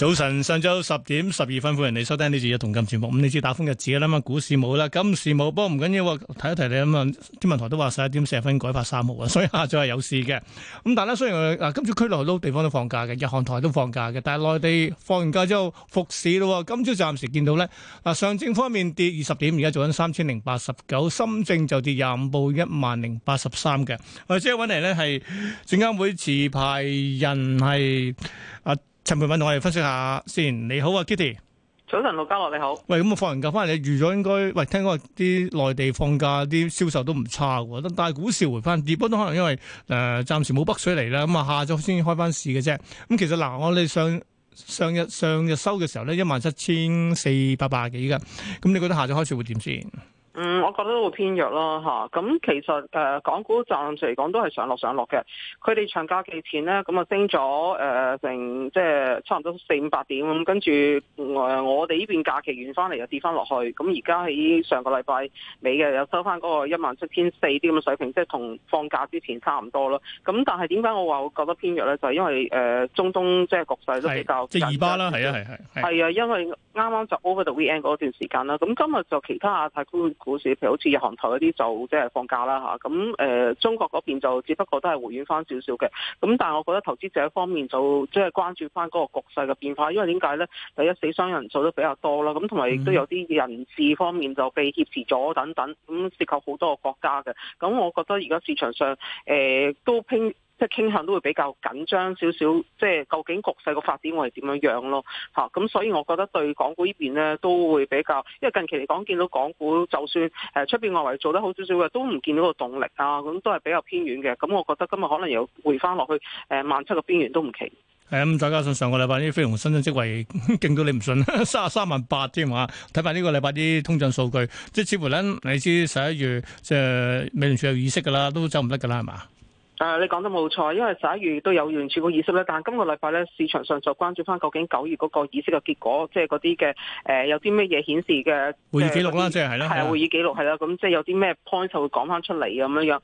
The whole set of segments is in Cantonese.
早晨，上晝十點十二分，歡迎你收聽呢節嘅同金節目。咁你知打風日子嘅啦嘛，股市冇啦，金市冇。不過唔緊要，睇、哦、一睇你咁嘛。天文台都話十一點四十分改發三號啊，所以下晝係有市嘅。咁、嗯、但係咧，雖然我啊今朝區內好多地方都放假嘅，日韓台都放假嘅，但係內地放完假之後復市啦。喎、啊，今朝暫時見到呢，嗱、啊、上證方面跌二十點，而家做緊三千零八十九，深證就跌廿五報一萬零八十三嘅。我即刻揾嚟呢係證監會持牌人係。陳蓓敏同我哋分析下先。你好啊，Kitty。早晨，陸家樂你好。喂，咁啊放完假翻嚟，預咗應該喂，聽講啲內地放假啲銷售都唔差嘅。但係股市回翻，跌，不過都可能因為誒暫、呃、時冇北水嚟啦。咁、嗯、啊下晝先開翻市嘅啫。咁、嗯、其實嗱、呃，我哋上上日上日收嘅時候咧，一萬七千四百八十幾嘅。咁、嗯、你覺得下晝開始會點先？嗯，我覺得都會偏弱咯嚇。咁、啊、其實誒、呃，港股暫時嚟講都係上落上落嘅。佢哋長假期前咧，咁、嗯、啊升咗誒、呃，成即係差唔多四五百點。跟、嗯、住、呃、我哋呢邊假期完翻嚟又跌翻落去。咁而家喺上個禮拜尾嘅又收翻嗰個一萬七千四啲咁嘅水平，即係同放假之前差唔多咯。咁、嗯、但係點解我話會覺得偏弱咧？就係、是、因為誒、呃，中東即係局勢都比較緊張，即係以巴啦，係啊，係係係啊，因為。啱啱就 over 到 weekend 嗰段時間啦，咁今日就其他亞太區股市，譬如好似日韓台嗰啲就即係放假啦嚇，咁、啊、誒、嗯、中國嗰邊就只不過都係回軟翻少少嘅，咁、嗯、但係我覺得投資者方面就即係關注翻嗰個局勢嘅變化，因為點解咧？第一死傷人數都比較多啦，咁同埋亦都有啲人事方面就被挾持咗等等，咁、嗯、涉及好多個國家嘅，咁、嗯、我覺得而家市場上誒、呃、都拼。即係傾向都會比較緊張少少，即係究竟局勢個發展會係點樣樣咯？嚇，咁所以我覺得對港股呢邊咧都會比較，因為近期嚟講見到港股就算誒出邊外圍做得好少少嘅，都唔見到個動力啊，咁都係比較偏遠嘅。咁我覺得今日可能又回翻落去誒萬七個邊緣都唔奇。係啊，咁再加上上個禮拜啲非農新增職位勁到你唔信，三十三萬八添嘛？睇埋呢個禮拜啲通脹數據，即係似乎咧，你知十一月即係美聯儲有議息㗎啦，都走唔得㗎啦，係嘛？誒、啊，你講得冇錯，因為十一月都有完全個議息咧。但係今個禮拜咧，市場上就關注翻究竟九月嗰個議息嘅結果，即係嗰啲嘅誒，有啲乜嘢顯示嘅會議記錄啦，即係係啦。係啊的，會議記錄係啦，咁的的即係有啲咩 point 就會講翻出嚟咁樣樣。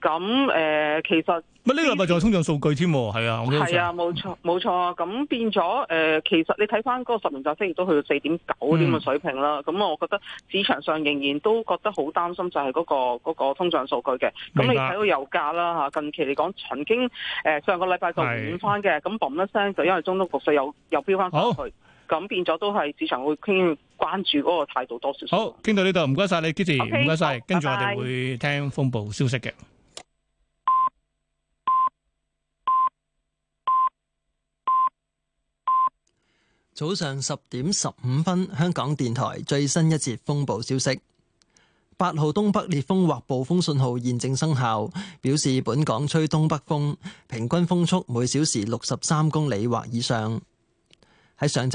咁、啊、誒，其實乜呢個禮拜仲有通脹數據添？係啊，係啊，冇錯冇錯。咁變咗誒、呃，其實你睇翻嗰個十年債息亦都去到四點九呢啲咁嘅水平啦。咁、嗯、我覺得市場上仍然都覺得好擔心就、那個，就係嗰個通脹數據嘅。咁你睇到油價啦嚇，近。其實嚟講，曾經誒、呃、上個禮拜就穩翻嘅，咁嘣的一聲，就因為中東局勢又又飆翻上去，咁好變咗都係市場會傾關注嗰個態度多少少。好，傾到呢度，唔該晒你，Kitty，唔該晒，跟住 Okay, 我哋會聽風暴消息嘅。拜拜。早上十點十五分，香港電台最新一節風暴消息。八號東北烈風或暴風信號現正生效，表示本港吹東北風，平均風速每小時六十三公里或以上。喺上。